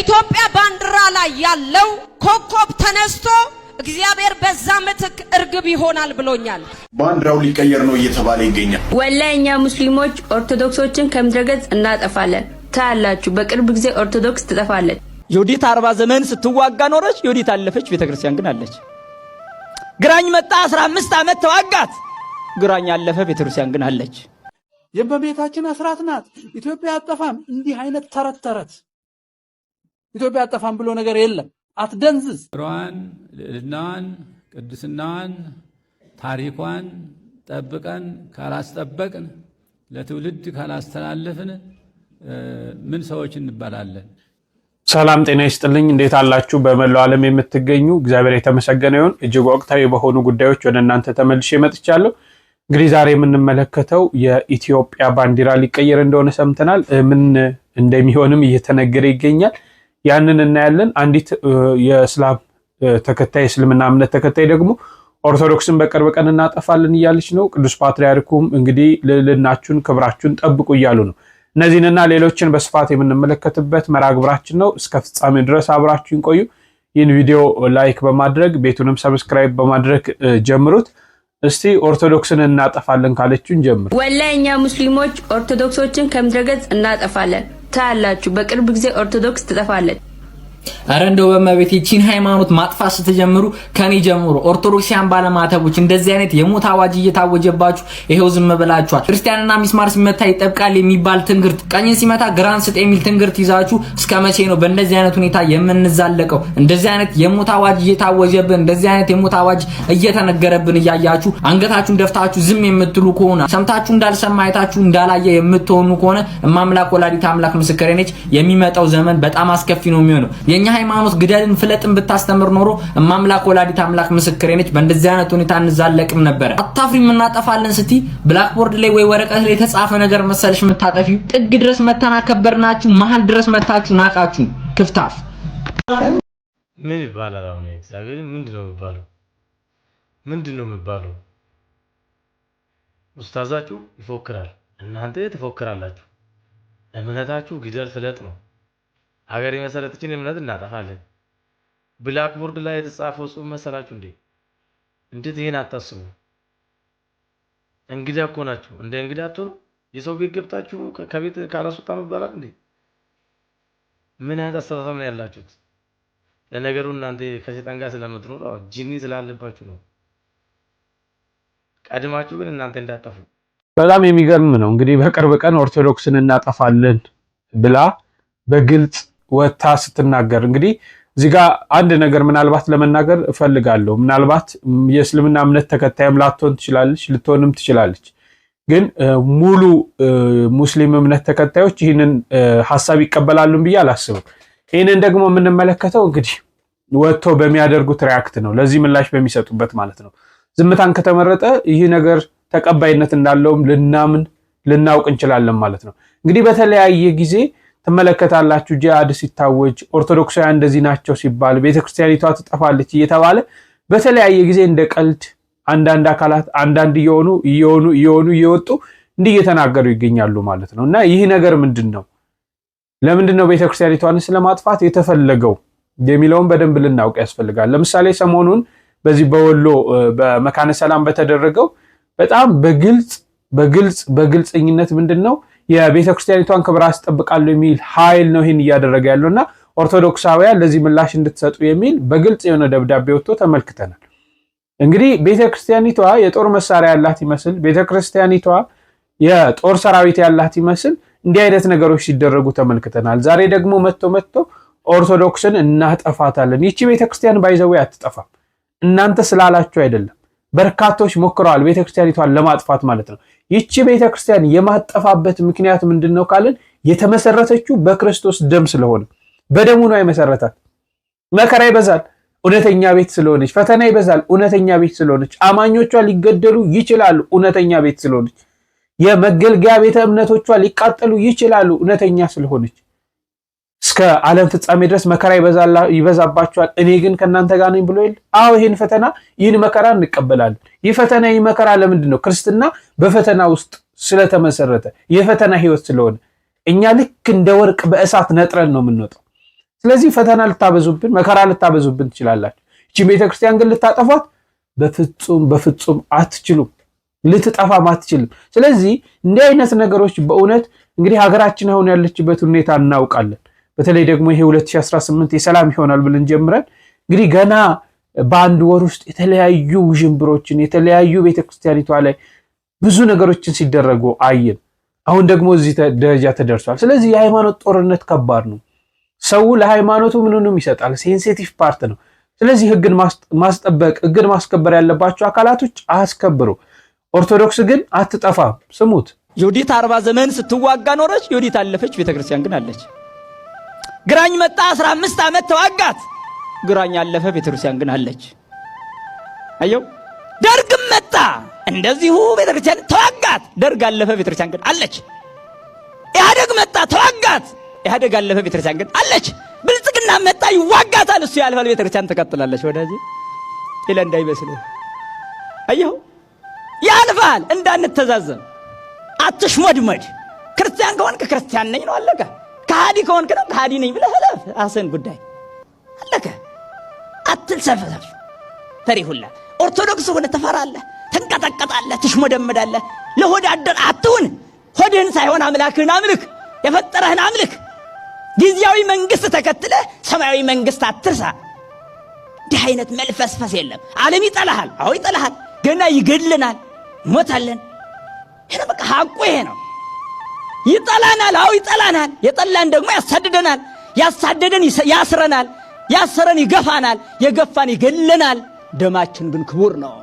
በኢትዮጵያ ባንዲራ ላይ ያለው ኮከብ ተነስቶ እግዚአብሔር በዛ ምትክ እርግብ ይሆናል ብሎኛል። ባንዲራው ሊቀየር ነው እየተባለ ይገኛል። ወላይ እኛ ሙስሊሞች ኦርቶዶክሶችን ከምድረገጽ እናጠፋለን። ታያላችሁ፣ በቅርብ ጊዜ ኦርቶዶክስ ትጠፋለች። ዮዲት አርባ ዘመን ስትዋጋ ኖረች። ዮዲት አለፈች፣ ቤተክርስቲያን ግን አለች። ግራኝ መጣ፣ 15 ዓመት ተዋጋት። ግራኝ አለፈ፣ ቤተክርስቲያን ግን አለች። የእመቤታችን አስራት ናት። ኢትዮጵያ አጠፋም። እንዲህ አይነት ተረት ተረት ኢትዮጵያ አጠፋም ብሎ ነገር የለም። አትደንዝዝ። ሯን፣ ልዕልናዋን፣ ቅድስናዋን፣ ታሪኳን ጠብቀን ካላስጠበቅን ለትውልድ ካላስተላለፍን ምን ሰዎች እንባላለን? ሰላም ጤና ይስጥልኝ። እንዴት አላችሁ? በመላው ዓለም የምትገኙ እግዚአብሔር የተመሰገነ ይሁን። እጅግ ወቅታዊ በሆኑ ጉዳዮች ወደ እናንተ ተመልሼ መጥቻለሁ። እንግዲህ ዛሬ የምንመለከተው የኢትዮጵያ ባንዲራ ሊቀየር እንደሆነ ሰምተናል። ምን እንደሚሆንም እየተነገረ ይገኛል። ያንን እናያለን። አንዲት የእስላም ተከታይ እስልምና እምነት ተከታይ ደግሞ ኦርቶዶክስን በቅርብ ቀን እናጠፋለን እያለች ነው። ቅዱስ ፓትርያርኩም እንግዲህ ልዕልናችሁን ክብራችሁን ጠብቁ እያሉ ነው። እነዚህንና ሌሎችን በስፋት የምንመለከትበት መርሃ ግብራችን ነው። እስከ ፍጻሜ ድረስ አብራችሁን ቆዩ። ይህን ቪዲዮ ላይክ በማድረግ ቤቱንም ሰብስክራይብ በማድረግ ጀምሩት። እስቲ ኦርቶዶክስን እናጠፋለን ካለችን ጀምር። ወላሂ እኛ ሙስሊሞች ኦርቶዶክሶችን ከምድረገጽ እናጠፋለን። ታያላችሁ። በቅርብ ጊዜ ኦርቶዶክስ ትጠፋለች። አረ እንደው በመቤት ይቺን ሃይማኖት ማጥፋት ስትጀምሩ ከኔ ጀምሮ ኦርቶዶክሲያን ባለማተቦች እንደዚህ አይነት የሞት አዋጅ እየታወጀባችሁ ይሄው ዝም ብላችኋል። ክርስቲያንና ሚስማር ሲመታ ይጠብቃል የሚባል ትንግርት፣ ቀኝን ሲመታ ግራን ስጥ የሚል ትንግርት ይዛችሁ እስከ መቼ ነው በእንደዚህ አይነት ሁኔታ የምንዛለቀው? እንደዚህ አይነት የሞት አዋጅ እየታወጀብን፣ እንደዚህ አይነት የሞት አዋጅ እየተነገረብን እያያችሁ አንገታችሁን ደፍታችሁ ዝም የምትሉ ከሆነ ሰምታችሁ እንዳልሰማ አይታችሁ እንዳላየ የምትሆኑ ከሆነ እማምላክ ወላዲት አምላክ ምስክሬ ነች፣ የሚመጣው ዘመን በጣም አስከፊ ነው የሚሆነው። የእኛ ሃይማኖት ግደልን ፍለጥን ብታስተምር ኖሮ እማምላክ ወላዲት አምላክ ምስክሬ ነች፣ በእንደዚህ አይነት ሁኔታ እንዛለቅም ነበረ። አታፍሪም? እናጠፋለን ስቲ ብላክቦርድ ላይ ወይ ወረቀት ላይ የተጻፈ ነገር መሰለሽ የምታጠፊ። ጥግ ድረስ መተና ከበርናችሁ፣ መሀል ድረስ መታችሁ፣ ናቃችሁ። ክፍታፍ ምን ይባላል? አሁን እግዚአብሔር ምንድን ነው የሚባለው? ምንድን ነው የሚባለው? ኡስታዛችሁ ይፎክራል፣ እናንተ ትፎክራላችሁ። እምነታችሁ ግደል ፍለጥ ነው። ሀገር የመሰረተችን እምነት እናጠፋለን። ብላክቦርድ ላይ የተጻፈው ጽሁፍ መሰላችሁ እንዴ? እንዴት ይሄን አታስቡ? እንግዳ እኮ ናችሁ። እንደ እንግዳ አትሆኑ። የሰው ቤት ገብታችሁ ከቤት ካላስወጣ መባላል እንዴ? ምን አይነት አስተሳሰብ ነው ያላችሁት? ለነገሩ እናንተ ከሰይጣን ጋር ስለምትኖሩ ጂኒ ስላለባችሁ ነው። ቀድማችሁ ግን እናንተ እንዳጠፉ በጣም የሚገርም ነው። እንግዲህ በቅርብ ቀን ኦርቶዶክስን እናጠፋለን ብላ በግልጽ ወታ ስትናገር እንግዲህ እዚህ ጋር አንድ ነገር ምናልባት ለመናገር እፈልጋለሁ። ምናልባት የእስልምና እምነት ተከታይም ላትሆን ትችላለች፣ ልትሆንም ትችላለች። ግን ሙሉ ሙስሊም እምነት ተከታዮች ይህንን ሀሳብ ይቀበላሉን ብዬ አላስብም። ይህንን ደግሞ የምንመለከተው እንግዲህ ወጥቶ በሚያደርጉት ሪያክት ነው፣ ለዚህ ምላሽ በሚሰጡበት ማለት ነው። ዝምታን ከተመረጠ ይህ ነገር ተቀባይነት እንዳለውም ልናምን ልናውቅ እንችላለን ማለት ነው። እንግዲህ በተለያየ ጊዜ ትመለከታላችሁ። ጂሃድ ሲታወጅ ኦርቶዶክሳውያን እንደዚህ ናቸው ሲባል ቤተክርስቲያኒቷ ትጠፋለች እየተባለ በተለያየ ጊዜ እንደ ቀልድ አንዳንድ አካላት አንዳንድ እየሆኑ እየሆኑ እየሆኑ እየወጡ እንዲህ እየተናገሩ ይገኛሉ ማለት ነው። እና ይህ ነገር ምንድን ነው? ለምንድን ነው ቤተክርስቲያኒቷንስ ለማጥፋት የተፈለገው የሚለውን በደንብ ልናውቅ ያስፈልጋል። ለምሳሌ ሰሞኑን በዚህ በወሎ በመካነ ሰላም በተደረገው በጣም በግልጽ በግልጽ በግልጽኝነት ምንድን ነው የቤተ ክርስቲያኒቷን ክብር አስጠብቃሉ የሚል ኃይል ነው ይህን እያደረገ ያለው እና ኦርቶዶክሳውያን ለዚህ ምላሽ እንድትሰጡ የሚል በግልጽ የሆነ ደብዳቤ ወጥቶ ተመልክተናል። እንግዲህ ቤተ ክርስቲያኒቷ የጦር መሳሪያ ያላት ይመስል፣ ቤተ ክርስቲያኒቷ የጦር ሰራዊት ያላት ይመስል እንዲህ አይነት ነገሮች ሲደረጉ ተመልክተናል። ዛሬ ደግሞ መጥቶ መጥቶ ኦርቶዶክስን እናጠፋታለን። ይቺ ቤተክርስቲያን ባይዘዌ አትጠፋም። እናንተ ስላላችሁ አይደለም። በርካቶች ሞክረዋል ቤተክርስቲያኒቷን ለማጥፋት ማለት ነው። ይቺ ቤተ ክርስቲያን የማጠፋበት ምክንያት ምንድን ነው ካልን የተመሰረተችው በክርስቶስ ደም ስለሆነ በደሙ ነው የመሰረታት። መከራ ይበዛል፣ እውነተኛ ቤት ስለሆነች። ፈተና ይበዛል፣ እውነተኛ ቤት ስለሆነች። አማኞቿ ሊገደሉ ይችላሉ፣ እውነተኛ ቤት ስለሆነች። የመገልገያ ቤተ እምነቶቿ ሊቃጠሉ ይችላሉ፣ እውነተኛ ስለሆነች። እስከ ዓለም ፍጻሜ ድረስ መከራ ይበዛባቸዋል እኔ ግን ከእናንተ ጋር ነኝ ብሎ የለ? አዎ ይህን ፈተና ይህን መከራ እንቀበላለን። ይህ ፈተና ይህ መከራ ለምንድን ነው? ክርስትና በፈተና ውስጥ ስለተመሰረተ የፈተና ህይወት ስለሆነ እኛ ልክ እንደ ወርቅ በእሳት ነጥረን ነው የምንወጣው። ስለዚህ ፈተና ልታበዙብን፣ መከራ ልታበዙብን ትችላላችሁ። ይቺን ቤተክርስቲያን ግን ልታጠፏት በፍጹም በፍጹም አትችሉም። ልትጠፋም አትችልም። ስለዚህ እንዲህ አይነት ነገሮች በእውነት እንግዲህ ሀገራችን አሁን ያለችበት ሁኔታ እናውቃለን። በተለይ ደግሞ ይሄ 2018 የሰላም ይሆናል ብለን ጀምረን እንግዲህ ገና በአንድ ወር ውስጥ የተለያዩ ውዥንብሮችን የተለያዩ ቤተክርስቲያኒቷ ላይ ብዙ ነገሮችን ሲደረጉ አየን። አሁን ደግሞ እዚህ ደረጃ ተደርሷል። ስለዚህ የሃይማኖት ጦርነት ከባድ ነው። ሰው ለሃይማኖቱ ምንንም ይሰጣል። ሴንሲቲቭ ፓርት ነው። ስለዚህ ህግን ማስጠበቅ ህግን ማስከበር ያለባቸው አካላቶች አያስከብሩ። ኦርቶዶክስ ግን አትጠፋም። ስሙት፣ ዮዲት አርባ ዘመን ስትዋጋ ኖረች። ዮዲት አለፈች፣ ቤተክርስቲያን ግን አለች። ግራኝ መጣ። አስራ አምስት ዓመት ተዋጋት። ግራኝ አለፈ፣ ቤተክርስቲያን ግን አለች። አየው። ደርግም መጣ፣ እንደዚሁ ቤተክርስቲያን ተዋጋት። ደርግ አለፈ፣ ቤተክርስቲያን ግን አለች። ኢህአደግ መጣ፣ ተዋጋት። ኢህአደግ አለፈ፣ ቤተክርስቲያን ግን አለች። ብልጽግና መጣ፣ ይዋጋታል። እሱ ያልፋል፣ ቤተክርስቲያን ትቀጥላለች። ወዳጅ ይለ እንዳይመስልህ። አየው፣ ያልፋል። እንዳንተዛዘብ፣ አትሽሞድመድ። ክርስቲያን ከሆንክ ክርስቲያን ነኝ ነው፣ አለቀ። ከሃዲ ከሆንክ ደግሞ ከሃዲ ነኝ ብለህ እለፍ። አሰን ጉዳይ አለከ አትልሰፍሰፍ። ተሪሁላ ኦርቶዶክስ ሆነ ትፈራለህ፣ ትንቀጠቀጣለህ፣ ትሽሞደመዳለህ። ለሆድ አደር አትሁን። ሆድህን ሳይሆን አምላክህን አምልክ፣ የፈጠረህን አምልክ። ጊዜያዊ መንግስት ተከትለ ሰማያዊ መንግስት አትርሳ። እንዲህ አይነት መልፈስፈስ የለም። ዓለም ይጠላሃል። አዎ ይጠላሃል። ገና ይገድልናል፣ ሞታለን። ይሄ በቃ ሀቁ ይሄ ነው። ይጠላናል። አዎ ይጠላናል። የጠላን ደግሞ ያሳድደናል። ያሳደደን ያስረናል። ያሰረን ይገፋናል። የገፋን ይገለናል። ደማችን ግን ክቡር ነው።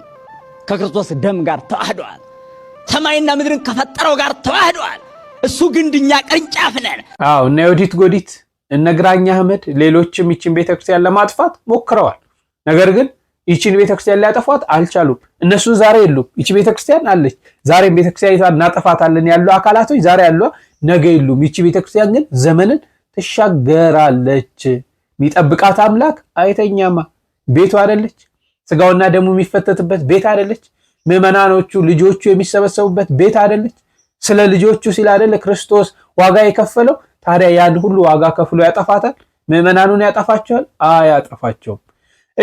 ከክርስቶስ ደም ጋር ተዋህዷል። ሰማይና ምድርን ከፈጠረው ጋር ተዋህደዋል። እሱ ግንድ፣ እኛ ቅርንጫፍ ነን። አዎ እነ ዮዲት ጎዲት፣ እነ ግራኝ አህመድ፣ ሌሎችም ይችን ቤተክርስቲያን ለማጥፋት ሞክረዋል። ነገር ግን ይችን ቤተክርስቲያን ሊያጠፏት አልቻሉም። እነሱ ዛሬ የሉም። ይቺ ቤተክርስቲያን አለች። ዛሬም ቤተክርስቲያን እናጠፋታለን ያሉ አካላቶች ዛሬ ያሉ ነገ የሉም። ይቺ ቤተክርስቲያን ግን ዘመንን ትሻገራለች። የሚጠብቃት አምላክ አይተኛማ። ቤቱ አደለች። ስጋውና ደሙ የሚፈተትበት ቤት አይደለች? ምዕመናኖቹ ልጆቹ የሚሰበሰቡበት ቤት አደለች? ስለ ልጆቹ ሲል አደለ ክርስቶስ ዋጋ የከፈለው? ታዲያ ያን ሁሉ ዋጋ ከፍሎ ያጠፋታል? ምዕመናኑን ያጠፋቸዋል? አያጠፋቸውም።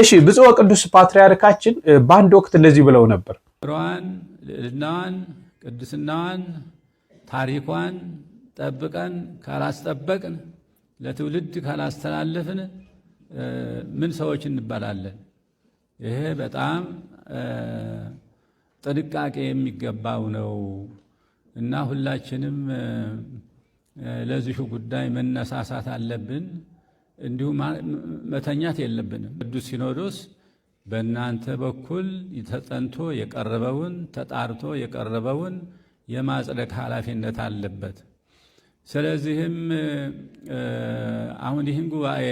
እሺ ብፁዕ ቅዱስ ፓትርያርካችን በአንድ ወቅት እንደዚህ ብለው ነበር። ሯን ልዕልናዋን፣ ቅድስናዋን፣ ታሪኳን ጠብቀን ካላስጠበቅን ለትውልድ ካላስተላለፍን ምን ሰዎች እንባላለን? ይሄ በጣም ጥንቃቄ የሚገባው ነው እና ሁላችንም ለዚሁ ጉዳይ መነሳሳት አለብን። እንዲሁ መተኛት የለብንም። ቅዱስ ሲኖዶስ በእናንተ በኩል ተጠንቶ የቀረበውን ተጣርቶ የቀረበውን የማጽደቅ ኃላፊነት አለበት። ስለዚህም አሁን ይህን ጉባኤ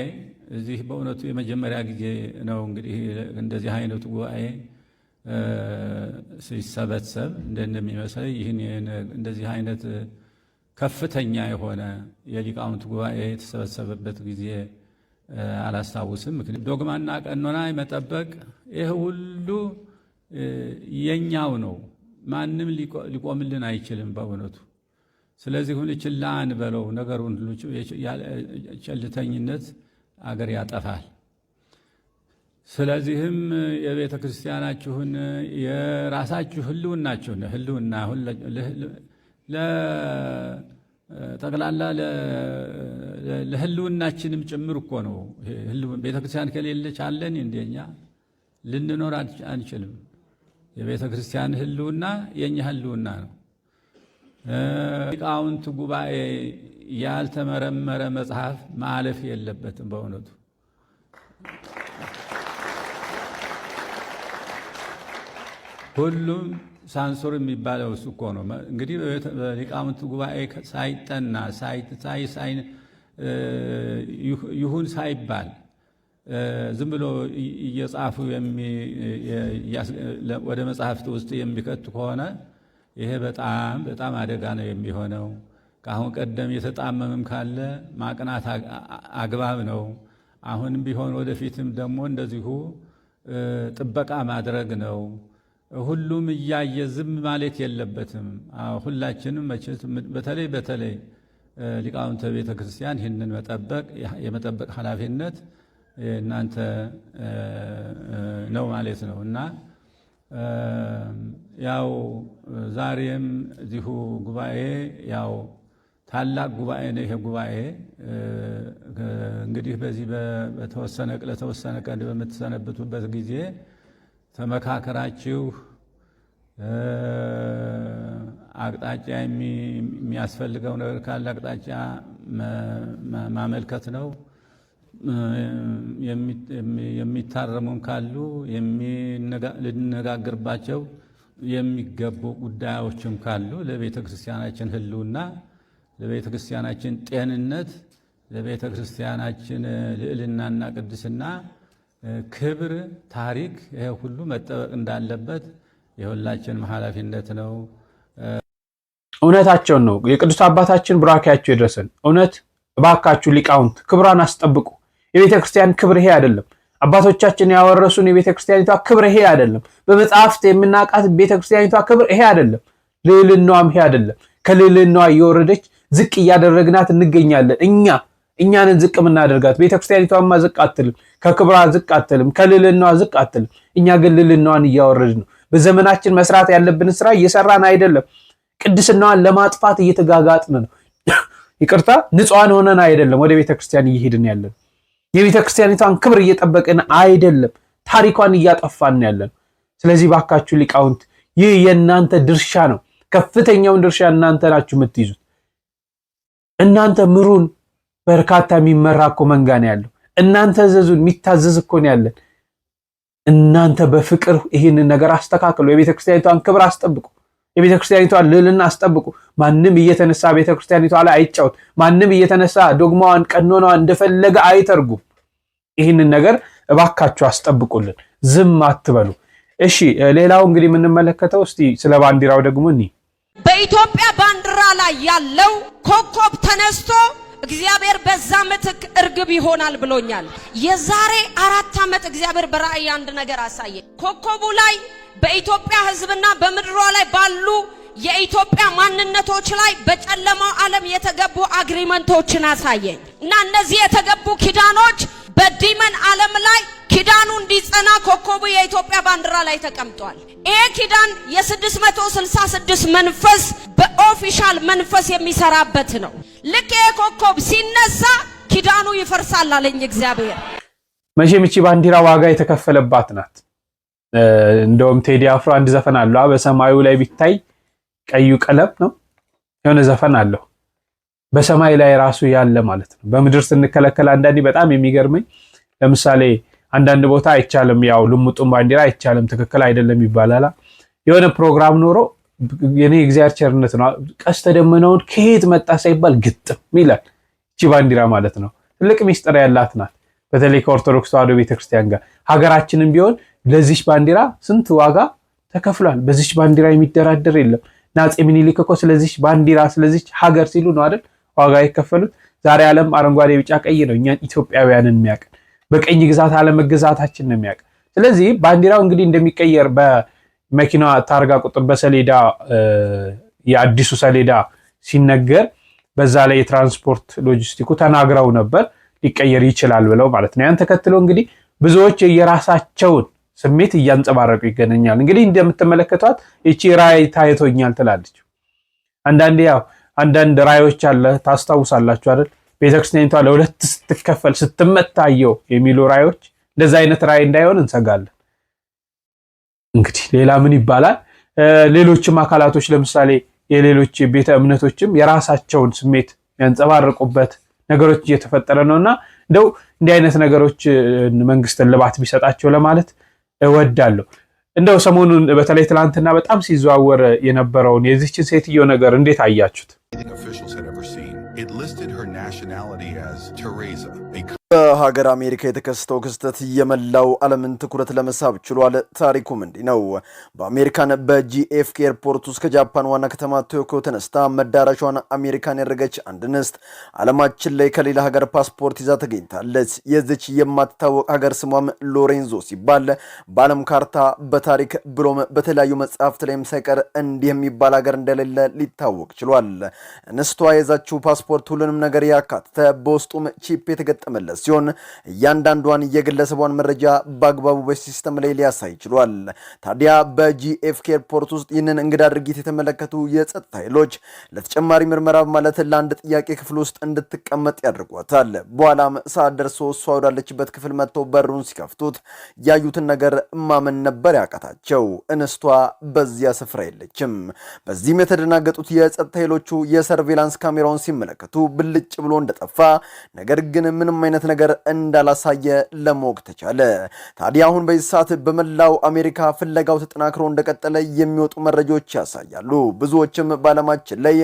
እዚህ በእውነቱ የመጀመሪያ ጊዜ ነው እንግዲህ እንደዚህ አይነቱ ጉባኤ ሲሰበሰብ እንደ እንደሚመስለኝ ይህን እንደዚህ አይነት ከፍተኛ የሆነ የሊቃውንት ጉባኤ የተሰበሰበበት ጊዜ አላስታውስም። ምክንያቱም ዶግማና ቀኖና መጠበቅ ይህ ሁሉ የኛው ነው። ማንም ሊቆምልን አይችልም በእውነቱ። ስለዚህ ሁን ችላ አንበለው ነገሩን ሁሉ ቸልተኝነት አገር ያጠፋል። ስለዚህም የቤተ ክርስቲያናችሁን የራሳችሁ ህልውናችሁን ህልውና ጠቅላላ ለህልውናችንም ጭምር እኮ ነው። ቤተክርስቲያን ከሌለች አለን እንደኛ ልንኖር አንችልም። የቤተ ክርስቲያን ህልውና የእኛ ህልውና ነው። ሊቃውንት ጉባኤ ያልተመረመረ መጽሐፍ ማለፍ የለበትም። በእውነቱ ሁሉም ሳንሶር የሚባለው እሱ እኮ ነው። እንግዲህ ሊቃውንት ጉባኤ ሳይጠና ይሁን ሳይባል ዝም ብሎ እየጻፉ ወደ መጽሐፍት ውስጥ የሚከቱ ከሆነ ይሄ በጣም በጣም አደጋ ነው የሚሆነው። ከአሁን ቀደም የተጣመመም ካለ ማቅናት አግባብ ነው። አሁንም ቢሆን ወደፊትም ደግሞ እንደዚሁ ጥበቃ ማድረግ ነው። ሁሉም እያየ ዝም ማለት የለበትም። ሁላችንም በተለይ በተለይ ሊቃውንተ ቤተ ክርስቲያን ይህንን መጠበቅ የመጠበቅ ኃላፊነት እናንተ ነው ማለት ነው እና ያው ዛሬም እዚሁ ጉባኤ ያው ታላቅ ጉባኤ ነው ይሄ ጉባኤ እንግዲህ በዚህ ለተወሰነ ቀን በምትሰነብቱበት ጊዜ ተመካከራችሁ አቅጣጫ የሚያስፈልገው ነገር ካለ አቅጣጫ ማመልከት ነው። የሚታረሙም ካሉ ልንነጋገርባቸው የሚገቡ ጉዳዮችም ካሉ ለቤተ ክርስቲያናችን ሕልውና፣ ለቤተ ክርስቲያናችን ጤንነት፣ ለቤተ ክርስቲያናችን ልዕልናና ቅድስና ክብር፣ ታሪክ ይሄ ሁሉ መጠበቅ እንዳለበት የሁላችንም ኃላፊነት ነው። እውነታቸውን ነው። የቅዱስ አባታችን ቡራኪያቸው ይድረሰን። እውነት እባካችሁ ሊቃውንት ክብሯን አስጠብቁ። የቤተ ክርስቲያን ክብር ይሄ አይደለም። አባቶቻችን ያወረሱን የቤተ ክርስቲያኒቷ ክብር ይሄ አይደለም። በመጽሐፍት የምናውቃት ቤተ ክርስቲያኒቷ ክብር ይሄ አይደለም። ልዕልናዋም ይሄ አይደለም። ከልዕልናዋ እየወረደች ዝቅ እያደረግናት እንገኛለን። እኛ እኛንን ዝቅ የምናደርጋት ቤተ ክርስቲያኒቷማ ዝቅ አትልም። ከክብሯ ዝቅ አትልም፣ ከልልና ዝቅ አትልም። እኛ ግን ልልናዋን እያወረድን ነው። በዘመናችን መስራት ያለብንን ስራ እየሰራን አይደለም። ቅድስናዋን ለማጥፋት እየተጋጋጥን ነው። ይቅርታ ንጹሐን ሆነን አይደለም ወደ ቤተክርስቲያን እየሄድን ያለን። የቤተክርስቲያኒቷን ክብር እየጠበቅን አይደለም፣ ታሪኳን እያጠፋን ያለን። ስለዚህ ባካችሁ ሊቃውንት፣ ይህ የእናንተ ድርሻ ነው። ከፍተኛውን ድርሻ እናንተ ናችሁ የምትይዙት። እናንተ ምሩን። በርካታ የሚመራ እኮ መንጋ ነው ያለው። እናንተ ዘዙን። የሚታዘዝ እኮ ነው ያለን። እናንተ በፍቅር ይህንን ነገር አስተካክሉ። የቤተክርስቲያኒቷን ክብር አስጠብቁ። የቤተክርስቲያኒቷን ልዕልና አስጠብቁ። ማንም እየተነሳ ቤተክርስቲያኒቷ ላይ አይጫወት። ማንም እየተነሳ ዶግማዋን፣ ቀኖናዋን እንደፈለገ አይተርጉም። ይህንን ነገር እባካችሁ አስጠብቁልን፣ ዝም አትበሉ። እሺ፣ ሌላው እንግዲህ የምንመለከተው እስቲ ስለ ባንዲራው ደግሞ እኒ በኢትዮጵያ ባንዲራ ላይ ያለው ኮከብ ተነስቶ እግዚአብሔር በዛ ምትክ እርግብ ይሆናል ብሎኛል። የዛሬ አራት ዓመት እግዚአብሔር በራእይ አንድ ነገር አሳየ። ኮከቡ ላይ በኢትዮጵያ ሕዝብና በምድሯ ላይ ባሉ የኢትዮጵያ ማንነቶች ላይ በጨለማው ዓለም የተገቡ አግሪመንቶችን አሳየኝ እና እነዚህ የተገቡ ኪዳኖች በዲመን ዓለም ላይ ኪዳኑ እንዲጸና ኮከቡ የኢትዮጵያ ባንዲራ ላይ ተቀምጧል። ይሄ ኪዳን የ666 መንፈስ በኦፊሻል መንፈስ የሚሰራበት ነው። ልክ ይሄ ኮከብ ሲነሳ ኪዳኑ ይፈርሳል አለኝ እግዚአብሔር። መቼም ይቺ ባንዲራ ዋጋ የተከፈለባት ናት። እንደውም ቴዲ አፍሮ አንድ ዘፈን አለው በሰማዩ ላይ ቢታይ ቀዩ ቀለም ነው የሆነ ዘፈን አለው በሰማይ ላይ ራሱ ያለ ማለት ነው። በምድር ስንከለከል አንዳንዴ በጣም የሚገርመኝ ለምሳሌ አንዳንድ ቦታ አይቻልም፣ ያው ልሙጡን ባንዲራ አይቻልም፣ ትክክል አይደለም ይባላል። የሆነ ፕሮግራም ኖሮ የኔ የእግዚአብሔር ቸርነት ነው ቀስተ ደመናውን ከየት መጣ ሳይባል ግጥም ይላል። እቺ ባንዲራ ማለት ነው ትልቅ ሚስጥር ያላት ናት። በተለይ ከኦርቶዶክስ ተዋሕዶ ቤተክርስቲያን ጋር ሀገራችንም ቢሆን ለዚች ባንዲራ ስንት ዋጋ ተከፍሏል። በዚች ባንዲራ የሚደራደር የለም። ናፄ ምኒልክ እኮ ስለዚች ባንዲራ ስለዚች ሀገር ሲሉ ነው አይደል ዋጋ የከፈሉት። ዛሬ ዓለም አረንጓዴ፣ ቢጫ፣ ቀይ ነው እኛን ኢትዮጵያውያንን የሚያውቅ በቀኝ ግዛት አለመገዛታችን ነው የሚያውቅ። ስለዚህ ባንዲራው እንግዲህ እንደሚቀየር በመኪና ታርጋ ቁጥር በሰሌዳ የአዲሱ ሰሌዳ ሲነገር በዛ ላይ የትራንስፖርት ሎጂስቲኩ ተናግረው ነበር ሊቀየር ይችላል ብለው ማለት ነው። ያን ተከትሎ እንግዲህ ብዙዎች የራሳቸውን ስሜት እያንጸባረቁ ይገናኛል። እንግዲህ እንደምትመለከቷት ይቺ ራይ ታይቶኛል ትላለች። አንዳንዴ ያው አንዳንድ ራዮች አለ ታስታውሳላችሁ አይደል? ቤተክርስቲያኒቷ ለሁለት ስትከፈል ስትመታየው የሚሉ ራዮች እንደዚ አይነት ራይ እንዳይሆን እንሰጋለን። እንግዲህ ሌላ ምን ይባላል? ሌሎችም አካላቶች ለምሳሌ የሌሎች ቤተ እምነቶችም የራሳቸውን ስሜት ያንጸባርቁበት ነገሮች እየተፈጠረ ነው እና እንደው እንዲህ አይነት ነገሮች መንግስትን ልባት ቢሰጣቸው ለማለት እወዳለሁ። እንደው ሰሞኑን በተለይ ትናንትና በጣም ሲዘዋወር የነበረውን የዚችን ሴትዮ ነገር እንዴት አያችሁት? It listed her nationality as Teresa, a በሀገር አሜሪካ የተከሰተው ክስተት የመላው ዓለምን ትኩረት ለመሳብ ችሏል። ታሪኩም እንዲህ ነው። በአሜሪካን በጂኤፍኬ ኤርፖርት ውስጥ ከጃፓን ዋና ከተማ ቶኪዮ ተነስታ መዳረሿን አሜሪካን ያደረገች አንድ እንስት ዓለማችን ላይ ከሌላ ሀገር ፓስፖርት ይዛ ተገኝታለች። የዚች የማትታወቅ ሀገር ስሟም ሎሬንዞ ሲባል በዓለም ካርታ በታሪክ ብሎም በተለያዩ መጽሐፍት ላይም ሳይቀር እንዲህ የሚባል ሀገር እንደሌለ ሊታወቅ ችሏል። እንስቷ የዛችው ፓስፖርት ሁሉንም ነገር ያካትተ በውስጡም ቺፕ የተገጠመለት ሲሆን እያንዳንዷን የግለሰቧን መረጃ በአግባቡ በሲስተም ላይ ሊያሳይ ችሏል። ታዲያ በጂኤፍኬ ኤርፖርት ውስጥ ይህንን እንግዳ ድርጊት የተመለከቱ የጸጥታ ኃይሎች ለተጨማሪ ምርመራ ማለት ለአንድ ጥያቄ ክፍል ውስጥ እንድትቀመጥ ያደርጓታል። በኋላም ሰዓት ደርሶ እሷ ወዳለችበት ክፍል መጥተው በሩን ሲከፍቱት ያዩትን ነገር ማመን ነበር ያቃታቸው። እንስቷ በዚያ ስፍራ የለችም። በዚህም የተደናገጡት የጸጥታ ኃይሎቹ የሰርቬላንስ ካሜራውን ሲመለከቱ ብልጭ ብሎ እንደጠፋ ነገር ግን ምንም አይነት ነገር እንዳላሳየ ለማወቅ ተቻለ። ታዲያ አሁን በዚህ ሰዓት በመላው አሜሪካ ፍለጋው ተጠናክሮ እንደቀጠለ የሚወጡ መረጃዎች ያሳያሉ። ብዙዎችም በዓለማችን ላይ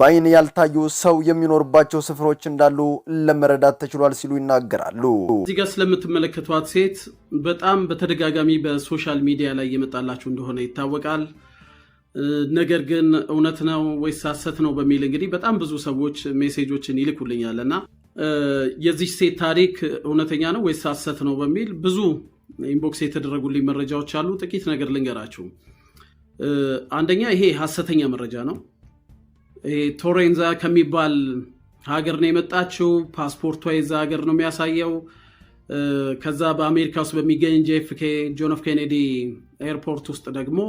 በአይን ያልታዩ ሰው የሚኖርባቸው ስፍራዎች እንዳሉ ለመረዳት ተችሏል ሲሉ ይናገራሉ። እዚህ ጋር ስለምትመለከቷት ሴት በጣም በተደጋጋሚ በሶሻል ሚዲያ ላይ የመጣላችሁ እንደሆነ ይታወቃል። ነገር ግን እውነት ነው ወይስ ሐሰት ነው በሚል እንግዲህ በጣም ብዙ ሰዎች ሜሴጆችን ይልኩልኛል እና የዚህ ሴት ታሪክ እውነተኛ ነው ወይስ ሐሰት ነው በሚል ብዙ ኢንቦክስ የተደረጉልኝ መረጃዎች አሉ። ጥቂት ነገር ልንገራችሁ። አንደኛ ይሄ ሐሰተኛ መረጃ ነው። ቶሬንዛ ከሚባል ሀገር ነው የመጣችው። ፓስፖርቷ የዛ ሀገር ነው የሚያሳየው። ከዛ በአሜሪካ ውስጥ በሚገኝ ጄኤፍኬ ጆን ኬኔዲ ኤርፖርት ውስጥ ደግሞ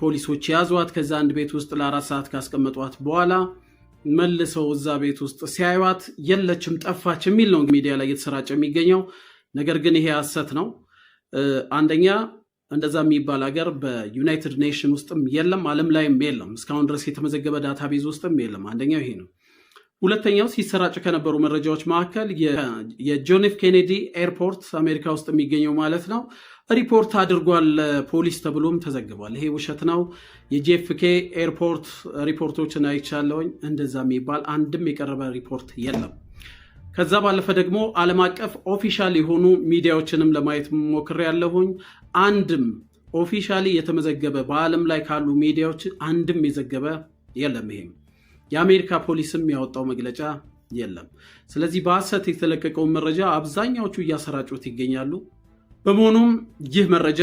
ፖሊሶች የያዟት። ከዛ አንድ ቤት ውስጥ ለአራት ሰዓት ካስቀመጧት በኋላ መልሰው እዛ ቤት ውስጥ ሲያዩት የለችም ጠፋች የሚል ነው ሚዲያ ላይ እየተሰራጨ የሚገኘው። ነገር ግን ይሄ ሐሰት ነው። አንደኛ እንደዛ የሚባል ሀገር በዩናይትድ ኔሽን ውስጥም የለም፣ አለም ላይም የለም፣ እስካሁን ድረስ የተመዘገበ ዳታቤዝ ውስጥም የለም። አንደኛው ይሄ ነው። ሁለተኛው ሲሰራጭ ከነበሩ መረጃዎች መካከል የጆን ኤፍ ኬኔዲ ኤርፖርት አሜሪካ ውስጥ የሚገኘው ማለት ነው ሪፖርት አድርጓል ፖሊስ ተብሎም ተዘግቧል። ይሄ ውሸት ነው። የጄፍኬ ኤርፖርት ሪፖርቶችን አይቻለውኝ እንደዛ የሚባል አንድም የቀረበ ሪፖርት የለም። ከዛ ባለፈ ደግሞ ዓለም አቀፍ ኦፊሻል የሆኑ ሚዲያዎችንም ለማየት ሞክሬ ያለሁኝ አንድም ኦፊሻሊ የተመዘገበ በዓለም ላይ ካሉ ሚዲያዎች አንድም የዘገበ የለም ይሄም የአሜሪካ ፖሊስም ያወጣው መግለጫ የለም። ስለዚህ በሐሰት የተለቀቀውን መረጃ አብዛኛዎቹ እያሰራጩት ይገኛሉ። በመሆኑም ይህ መረጃ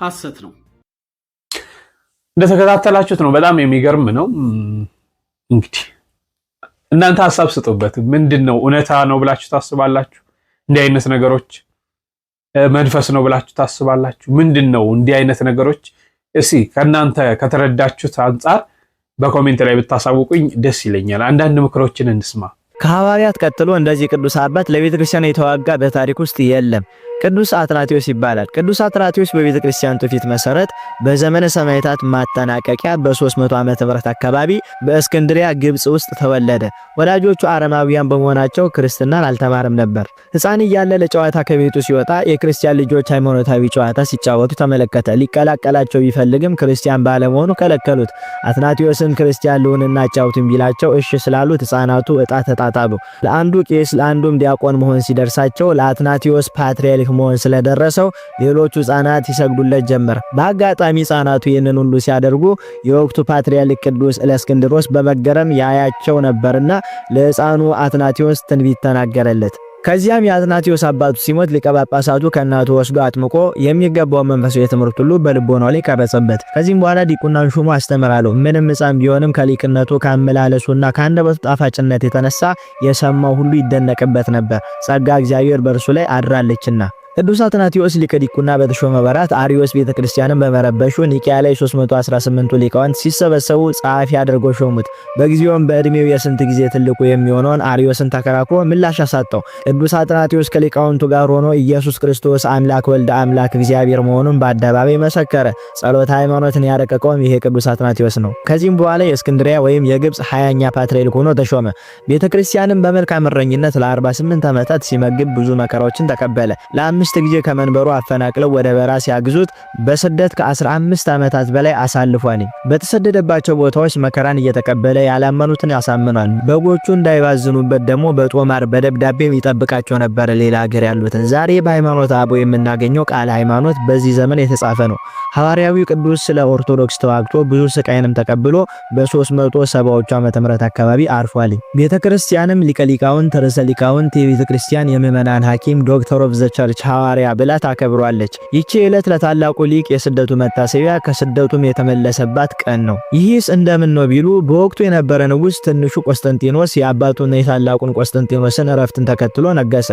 ሐሰት ነው። እንደተከታተላችሁት ነው። በጣም የሚገርም ነው። እንግዲህ እናንተ ሀሳብ ስጡበት። ምንድን ነው እውነታ ነው ብላችሁ ታስባላችሁ? እንዲህ አይነት ነገሮች መንፈስ ነው ብላችሁ ታስባላችሁ? ምንድን ነው እንዲህ አይነት ነገሮች? እስኪ ከእናንተ ከተረዳችሁት አንጻር በኮሜንት ላይ ብታሳውቁኝ ደስ ይለኛል። አንዳንድ ምክሮችን እንስማ። ከሐዋርያት ቀጥሎ እንደዚህ ቅዱስ አባት ለቤተክርስቲያን የተዋጋ በታሪክ ውስጥ የለም። ቅዱስ አትናቴዎስ ይባላል። ቅዱስ አትናቴዎስ በቤተ ክርስቲያን ትውፊት መሰረት በዘመነ ሰማዕታት ማጠናቀቂያ በ300 ዓመተ ምህረት አካባቢ በእስክንድሪያ ግብጽ ውስጥ ተወለደ። ወላጆቹ አረማውያን በመሆናቸው ክርስትናን አልተማረም ነበር። ሕፃን እያለ ለጨዋታ ከቤቱ ሲወጣ የክርስቲያን ልጆች ሃይማኖታዊ ጨዋታ ሲጫወቱ ተመለከተ። ሊቀላቀላቸው ቢፈልግም ክርስቲያን ባለመሆኑ ከለከሉት። አትናቴዎስን ክርስቲያን ልሁንና አጫውቱን ቢላቸው እሺ ስላሉት ሕፃናቱ እጣ ተጣጣሉ። ለአንዱ ቄስ ለአንዱም ዲያቆን መሆን ሲደርሳቸው ለአትናቴዎስ ፓትርያርክ መሆን ስለደረሰው ሌሎቹ ህፃናት ይሰግዱለት ጀመር። በአጋጣሚ ህፃናቱ ይህንን ሁሉ ሲያደርጉ የወቅቱ ፓትርያርክ ቅዱስ እለእስክንድሮስ በመገረም ያያቸው ነበርና ለሕፃኑ አትናቴዎስ ትንቢት ተናገረለት። ከዚያም የአትናቴዎስ አባቱ ሲሞት ሊቀ ጳጳሳቱ ከእናቱ ወስዶ አጥምቆ የሚገባውን መንፈሳዊ ትምህርት ሁሉ በልቦናው ላይ ቀረጸበት። ከዚህም በኋላ ዲቁናን ሹሞ አስተምራለሁ። ምንም ህፃን ቢሆንም ከሊቅነቱ ከአመላለሱና ከአንደበቱ ጣፋጭነት የተነሳ የሰማው ሁሉ ይደነቅበት ነበር፣ ጸጋ እግዚአብሔር በእርሱ ላይ አድራለችና። ቅዱስ አትናቴዎስ ሊቀ ዲቁና በተሾመ በራት አሪዮስ ቤተክርስቲያንን በመረበሹ ኒቅያ ላይ 318 ሊቃውንት ሲሰበሰቡ ጸሐፊ አድርጎ ሾሙት። በጊዜውም በእድሜው የስንት ጊዜ ትልቁ የሚሆነውን አሪዮስን ተከራክሮ ምላሽ አሳጠው። ቅዱስ አትናቴዎስ ከሊቃውንቱ ጋር ሆኖ ኢየሱስ ክርስቶስ አምላክ ወልድ አምላክ እግዚአብሔር መሆኑን በአደባባይ መሰከረ። ጸሎተ ሃይማኖትን ያረቀቀውም ይሄ ቅዱስ አትናቴዎስ ነው። ከዚህም በኋላ የእስክንድሪያ ወይም የግብፅ ሀያኛ ፓትርያርክ ሆኖ ተሾመ። ቤተክርስቲያንን በመልካም እረኝነት ለ48 ዓመታት ሲመግብ ብዙ መከራዎችን ተቀበለ። አምስት ጊዜ ከመንበሩ አፈናቅለው ወደ በራ ሲያግዙት በስደት ከ15 ዓመታት በላይ አሳልፏል። በተሰደደባቸው ቦታዎች መከራን እየተቀበለ ያላመኑትን ያሳምናል። በጎቹ እንዳይባዝኑበት ደግሞ በጦማር በደብዳቤም ይጠብቃቸው ነበር ሌላ ሀገር ያሉትን። ዛሬ በሃይማኖት አቦ የምናገኘው ቃለ ሃይማኖት በዚህ ዘመን የተጻፈ ነው። ሐዋርያዊው ቅዱስ ስለ ኦርቶዶክስ ተዋግቶ ብዙ ስቃይንም ተቀብሎ በ370ዎቹ ዓመተ ምህረት አካባቢ አርፏል። ቤተክርስቲያንም ሊቀ ሊቃውንት ርዕሰ ሊቃውንት የቤተክርስቲያን የምዕመናን ሐኪም ዶክተር ኦፍ ዘ ቸርች ሐዋርያ ብላ ታከብሯለች። ይቺ ዕለት ለታላቁ ሊቅ የስደቱ መታሰቢያ ከስደቱም የተመለሰባት ቀን ነው። ይህስ እንደምን ነው ቢሉ በወቅቱ የነበረ ንጉሥ ትንሹ ቆስጠንጢኖስ የአባቱና የታላቁን ቆስጠንጢኖስን እረፍትን ተከትሎ ነገሰ።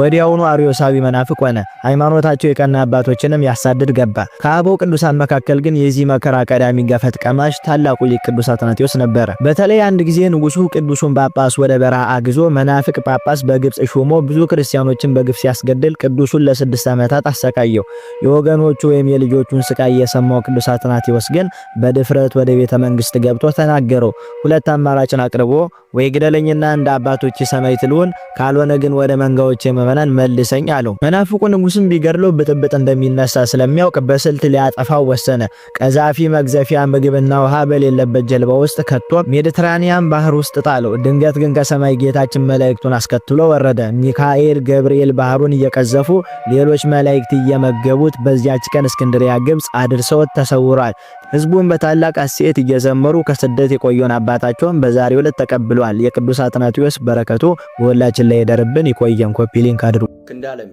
ወዲያውኑ አርዮሳዊ መናፍቅ ሆነ። ሃይማኖታቸው የቀና አባቶችንም ያሳድድ ገባ። ከአበው ቅዱሳን መካከል ግን የዚህ መከራ ቀዳሚ ገፈት ቀማሽ ታላቁ ሊቅ ቅዱስ አትናቴዎስ ነበረ። በተለይ አንድ ጊዜ ንጉሱ ቅዱሱን ጳጳስ ወደ በረሃ አግዞ መናፍቅ ጳጳስ በግብፅ ሾሞ ብዙ ክርስቲያኖችን በግፍ ሲያስገድል ቅዱሱ እሱን ለስድስት ዓመታት አሰቃየው። የወገኖቹ ወይም የልጆቹን ስቃይ የሰማው ቅዱስ አትናቴዎስ ግን በድፍረት ወደ ቤተ መንግስት ገብቶ ተናገረው። ሁለት አማራጭን አቅርቦ ወይ ግደለኝና እንደ አባቶች ሰማዕት ልሁን፣ ካልሆነ ግን ወደ መንጋዎች መመናን መልሰኝ አለው። መናፍቁ ንጉስም ቢገድለው ብጥብጥ እንደሚነሳ ስለሚያውቅ በስልት ሊያጠፋው ወሰነ። ቀዛፊ መግዘፊያ፣ ምግብና ውሃ በሌለበት ጀልባ ውስጥ ከቶ ሜዲትራኒያን ባህር ውስጥ ጣለው። ድንገት ግን ከሰማይ ጌታችን መላእክቱን አስከትሎ ወረደ። ሚካኤል፣ ገብርኤል ባህሩን እየቀዘፉ ሌሎች መላእክት እየመገቡት በዚያች ቀን እስክንድሪያ ግብጽ አድርሰውት ተሰውሯል። ህዝቡን በታላቅ አስተያየት እየዘመሩ ከስደት የቆየውን አባታቸውን በዛሬው ዕለት ተቀብለዋል። የቅዱስ አትናቴዎስ በረከቱ በሁላችን ላይ ይደርብን። ይቆየን። ኮፒ ሊንክ አድርጉ። ክንዳለሜ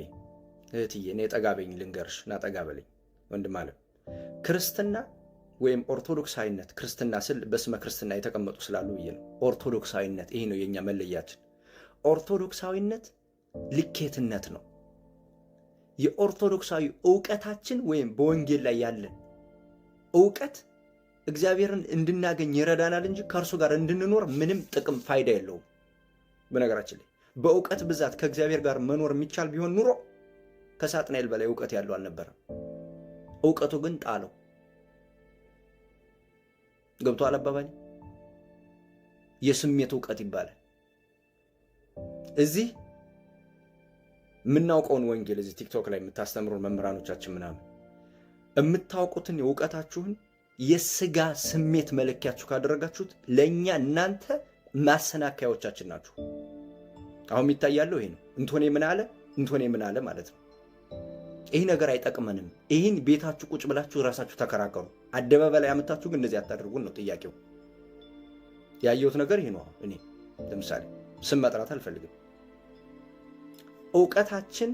እህትዬ እኔ ጠጋበኝ ልንገርሽ ና ጠጋበለኝ ወንድም አለ ክርስትና ወይም ኦርቶዶክሳዊነት ክርስትና ስል በስመ ክርስትና የተቀመጡ ስላሉ ብዬ ነው። ኦርቶዶክሳዊነት ይሄ ነው የእኛ መለያችን። ኦርቶዶክሳዊነት ልኬትነት ነው። የኦርቶዶክሳዊ እውቀታችን ወይም በወንጌል ላይ ያለን እውቀት እግዚአብሔርን እንድናገኝ ይረዳናል እንጂ ከእርሱ ጋር እንድንኖር ምንም ጥቅም ፋይዳ የለውም። በነገራችን ላይ በእውቀት ብዛት ከእግዚአብሔር ጋር መኖር የሚቻል ቢሆን ኑሮ ከሳጥናኤል በላይ እውቀት ያለው አልነበረም። እውቀቱ ግን ጣለው። ገብቶ አባባሌ? የስሜት እውቀት ይባላል እዚህ የምናውቀውን ወንጌል እዚህ ቲክቶክ ላይ የምታስተምሩን መምህራኖቻችን ምናምን የምታውቁትን የእውቀታችሁን የስጋ ስሜት መለኪያችሁ ካደረጋችሁት ለእኛ እናንተ ማሰናከያዎቻችን ናችሁ። አሁን የሚታያለው ይሄ ነው። እንቶኔ ምን አለ እንቶኔ ምን አለ ማለት ነው። ይህ ነገር አይጠቅመንም። ይህን ቤታችሁ ቁጭ ብላችሁ ራሳችሁ ተከራከሩ። አደባባይ ላይ ያመታችሁ ግን እነዚህ አታደርጉን ነው ጥያቄው። ያየሁት ነገር ይህ ነው። እኔ ለምሳሌ ስም መጥራት አልፈልግም። እውቀታችን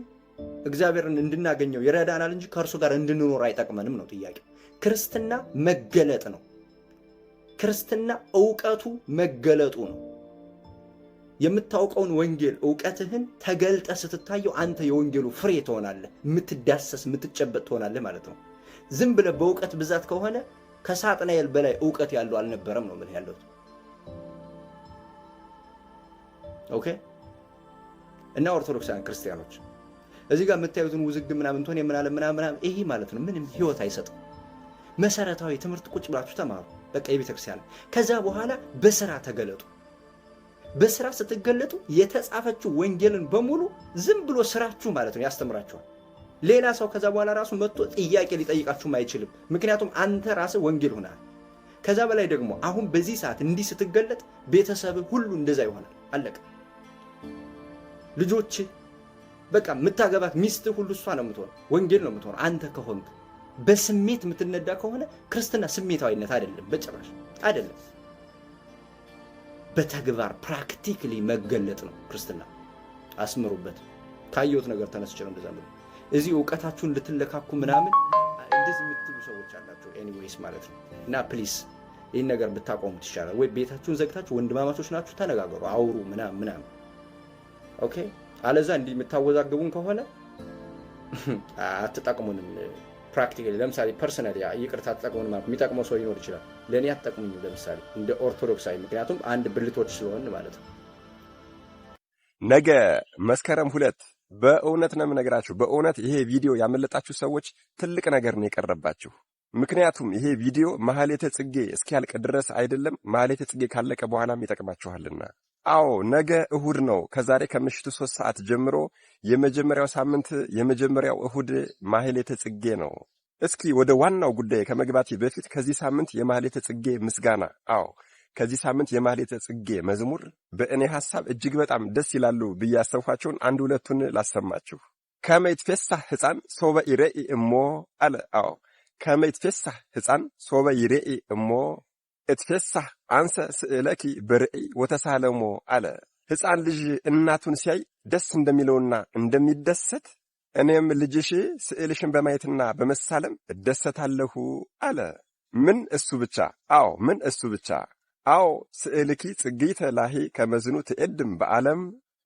እግዚአብሔርን እንድናገኘው ይረዳናል እንጂ ከእርሱ ጋር እንድንኖር አይጠቅመንም ነው ጥያቄ። ክርስትና መገለጥ ነው። ክርስትና እውቀቱ መገለጡ ነው። የምታውቀውን ወንጌል እውቀትህን ተገልጠ ስትታየው አንተ የወንጌሉ ፍሬ ትሆናለህ። የምትዳሰስ የምትጨበጥ ትሆናለህ ማለት ነው። ዝም ብለህ በእውቀት ብዛት ከሆነ ከሳጥናኤል በላይ እውቀት ያለው አልነበረም ነው ምን ያለሁት ኦኬ እና ኦርቶዶክሳን ክርስቲያኖች እዚህ ጋር የምታዩትን ውዝግብ ምናምን ትሆን የምናለ ምናምን ይሄ ማለት ነው ምንም ህይወት አይሰጥም። መሰረታዊ ትምህርት ቁጭ ብላችሁ ተማሩ፣ በቃ የቤተክርስቲያን ከዛ በኋላ በስራ ተገለጡ። በስራ ስትገለጡ የተጻፈችው ወንጌልን በሙሉ ዝም ብሎ ስራችሁ ማለት ነው ያስተምራችኋል። ሌላ ሰው ከዛ በኋላ ራሱ መጥቶ ጥያቄ ሊጠይቃችሁም አይችልም። ምክንያቱም አንተ ራስ ወንጌል ሆናል። ከዛ በላይ ደግሞ አሁን በዚህ ሰዓት እንዲህ ስትገለጥ ቤተሰብ ሁሉ እንደዛ ይሆናል። አለቀ። ልጆች፣ በቃ የምታገባት ሚስት ሁሉ እሷ ነው የምትሆነ፣ ወንጌል ነው የምትሆነ። አንተ ከሆንክ በስሜት የምትነዳ ከሆነ ክርስትና ስሜታዊነት አይደለም፣ በጭራሽ አይደለም። በተግባር ፕራክቲክሊ መገለጥ ነው ክርስትና። አስምሩበት። ካየሁት ነገር ተነስቼ ነው እንደዛ። እዚህ እውቀታችሁን ልትለካኩ ምናምን እንደዚህ የምትሉ ሰዎች አላቸው። ኤኒዌይስ ማለት ነው እና ፕሊስ ይህን ነገር ብታቆሙት ይሻላል። ወይ ቤታችሁን ዘግታችሁ ወንድማማቾች ናችሁ፣ ተነጋገሩ፣ አውሩ ምናምን ምናምን ኦኬ። አለዛ እንዲህ የምታወዛግቡን ከሆነ አትጠቅሙንም። ፕራክቲካሊ ለምሳሌ ፐርሰናል ይቅርታ ተጠቅሙን ማለት የሚጠቅመው ሰው ሊኖር ይችላል። ለእኔ አትጠቅሙኝ ለምሳሌ እንደ ኦርቶዶክሳዊ ምክንያቱም አንድ ብልቶች ስለሆን ማለት ነው። ነገ መስከረም ሁለት በእውነት ነው የምነግራችሁ። በእውነት ይሄ ቪዲዮ ያመለጣችሁ ሰዎች ትልቅ ነገር ነው የቀረባችሁ። ምክንያቱም ይሄ ቪዲዮ ማህሌተ ጽጌ እስኪያልቅ ድረስ አይደለም ማህሌተ ጽጌ ካለቀ በኋላም ይጠቅማችኋልና አዎ ነገ እሁድ ነው። ከዛሬ ከምሽቱ ሶስት ሰዓት ጀምሮ የመጀመሪያው ሳምንት የመጀመሪያው እሁድ ማህሌተ ጽጌ ነው። እስኪ ወደ ዋናው ጉዳይ ከመግባቴ በፊት ከዚህ ሳምንት የማህሌተ ጽጌ ምስጋና፣ አዎ ከዚህ ሳምንት የማህሌተ ጽጌ መዝሙር በእኔ ሐሳብ እጅግ በጣም ደስ ይላሉ ብዬ ያሰብኋቸውን አንድ ሁለቱን ላሰማችሁ። ከመይትፌሳ ሕፃን ሶበ ይሬኢ እሞ አለ። አዎ ከመይትፌሳ ሕፃን ሶበ ይሬኢ እሞ እትፌሳህ አንሰ ስዕለኪ በርዒ ወተሳለሞ አለ። ሕፃን ልጅ እናቱን ሲያይ ደስ እንደሚለውና እንደሚደሰት እኔም ልጅሽ ስዕልሽን በማየትና በመሳለም እደሰታለሁ አለ። ምን እሱ ብቻ? አዎ ምን እሱ ብቻ? አዎ ስዕልኪ ጽግይተ ላሄ ከመዝኑ ትዕድም በዓለም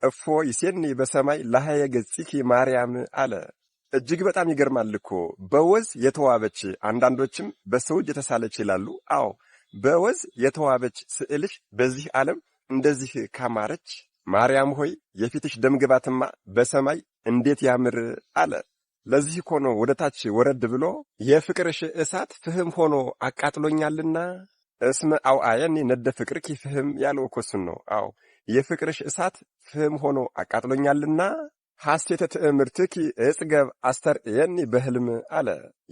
እፎ ይሴኒ በሰማይ ላህየ ገጺኪ ማርያም አለ። እጅግ በጣም ይገርማል እኮ በወዝ የተዋበች አንዳንዶችም በሰው እጅ የተሳለች ይላሉ። አዎ በወዝ የተዋበች ስዕልሽ በዚህ ዓለም እንደዚህ ካማረች ማርያም ሆይ የፊትሽ ደምግባትማ በሰማይ እንዴት ያምር አለ። ለዚህ እኮ ነው ወደ ታች ወረድ ብሎ የፍቅርሽ እሳት ፍህም ሆኖ አቃጥሎኛልና እስመ አውአየኒ ነደ ፍቅርኪ ፍህም ያለው እኮ እሱን ነው። አዎ የፍቅርሽ እሳት ፍህም ሆኖ አቃጥሎኛልና ሐሴተ ትዕምርትኪ እጽገብ አስተርእየኒ በሕልም አለ።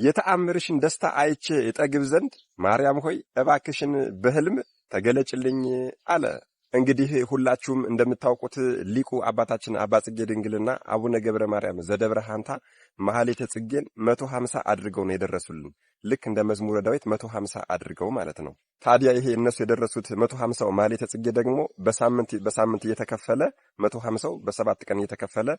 የተአምርሽን ደስታ አይቼ እጠግብ ዘንድ ማርያም ሆይ እባክሽን በሕልም ተገለጭልኝ አለ። እንግዲህ ሁላችሁም እንደምታውቁት ሊቁ አባታችን አባ ጽጌ ድንግልና አቡነ ገብረ ማርያም ዘደብረ ሃንታ መሐሌተ ጽጌን መቶ ሀምሳ አድርገው ነው የደረሱልን። ልክ እንደ መዝሙረ ዳዊት መቶ ሀምሳ አድርገው ማለት ነው። ታዲያ ይሄ እነሱ የደረሱት መቶ ሀምሳው ማህሌተ ጽጌ ደግሞ በሳምንት በሳምንት እየተከፈለ መቶ ሀምሳው በሰባት ቀን እየተከፈለ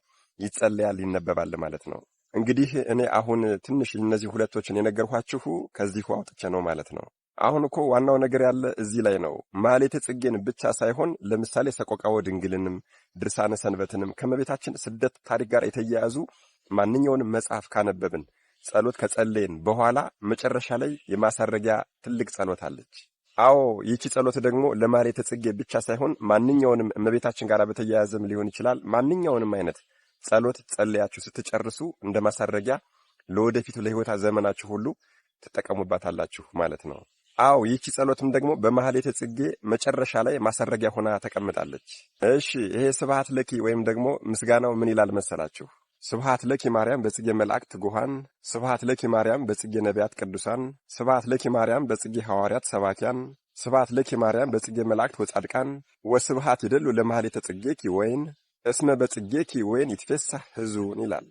ይጸለያል ይነበባል ማለት ነው። እንግዲህ እኔ አሁን ትንሽ እነዚህ ሁለቶችን የነገርኋችሁ ከዚሁ አውጥቼ ነው ማለት ነው። አሁን እኮ ዋናው ነገር ያለ እዚህ ላይ ነው። ማህሌተ ጽጌን ብቻ ሳይሆን ለምሳሌ ሰቆቃወ ድንግልንም ድርሳነ ሰንበትንም ከመቤታችን ስደት ታሪክ ጋር የተያያዙ ማንኛውንም መጽሐፍ ካነበብን ጸሎት ከጸለይን በኋላ መጨረሻ ላይ የማሳረጊያ ትልቅ ጸሎት አለች። አዎ ይቺ ጸሎት ደግሞ ለማኅሌተ ጽጌ ብቻ ሳይሆን ማንኛውንም እመቤታችን ጋር በተያያዘም ሊሆን ይችላል። ማንኛውንም አይነት ጸሎት ጸለያችሁ ስትጨርሱ እንደ ማሳረጊያ ለወደፊቱ ለሕይወታ ዘመናችሁ ሁሉ ትጠቀሙባታላችሁ ማለት ነው። አዎ ይቺ ጸሎትም ደግሞ በማኅሌተ ጽጌ መጨረሻ ላይ ማሳረጊያ ሆና ተቀምጣለች። እሺ ይሄ ስብሐት ለኪ ወይም ደግሞ ምስጋናው ምን ይላል መሰላችሁ? ስብሃት ለኪ ማርያም በጽጌ መላእክት ጉሃን፣ ስብሃት ለኪ ማርያም በጽጌ ነቢያት ቅዱሳን ስብሃት ለኪ ማርያም በጽጌ ሐዋርያት ሰባኪያን ስብሃት ለኪ ማርያም በጽጌ መላእክት ወጻድቃን ወስብሃት ይደሉ ለማህሌተ ጽጌኪ ወይን እስመ በጽጌኪ ወይን ይትፌሳህ ሕዝቡን ይላል።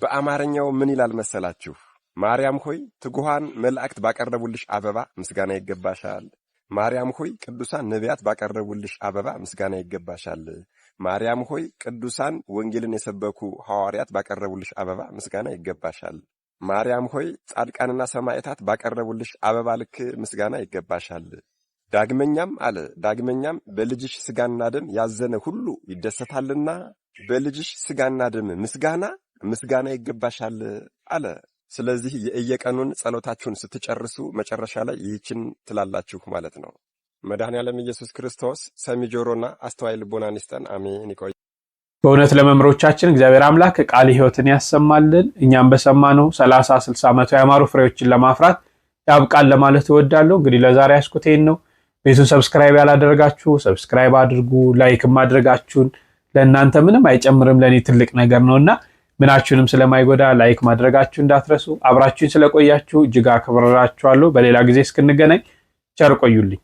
በአማርኛው ምን ይላል መሰላችሁ? ማርያም ሆይ ትጉሃን መላእክት ባቀረቡልሽ አበባ ምስጋና ይገባሻል። ማርያም ሆይ ቅዱሳን ነቢያት ባቀረቡልሽ አበባ ምስጋና ይገባሻል። ማርያም ሆይ ቅዱሳን ወንጌልን የሰበኩ ሐዋርያት ባቀረቡልሽ አበባ ምስጋና ይገባሻል። ማርያም ሆይ ጻድቃንና ሰማዕታት ባቀረቡልሽ አበባ ልክ ምስጋና ይገባሻል። ዳግመኛም አለ ዳግመኛም በልጅሽ ሥጋና ደም ያዘነ ሁሉ ይደሰታልና በልጅሽ ሥጋና ደም ምስጋና ምስጋና ይገባሻል አለ። ስለዚህ የእየቀኑን ጸሎታችሁን ስትጨርሱ መጨረሻ ላይ ይህችን ትላላችሁ ማለት ነው። መድኃኔ ዓለም ኢየሱስ ክርስቶስ ሰሚ ጆሮና አስተዋይ ልቦናን ይስጠን። አሜን። ይቆይ በእውነት ለመምህሮቻችን እግዚአብሔር አምላክ ቃል ሕይወትን ያሰማልን። እኛም በሰማነው ሰላሳ ስልሳ መቶ ያማሩ ፍሬዎችን ለማፍራት ያብቃን ለማለት እወዳለሁ። እንግዲህ ለዛሬ ያስኩቴን ነው። ቤቱን ሰብስክራይብ ያላደረጋችሁ ሰብስክራይብ አድርጉ። ላይክ ማድረጋችሁን ለእናንተ ምንም አይጨምርም፣ ለእኔ ትልቅ ነገር ነው እና ምናችሁንም ስለማይጎዳ ላይክ ማድረጋችሁ እንዳትረሱ። አብራችሁን ስለቆያችሁ እጅግ አክብራችኋለሁ። በሌላ ጊዜ እስክንገናኝ ቸር ቆዩልኝ።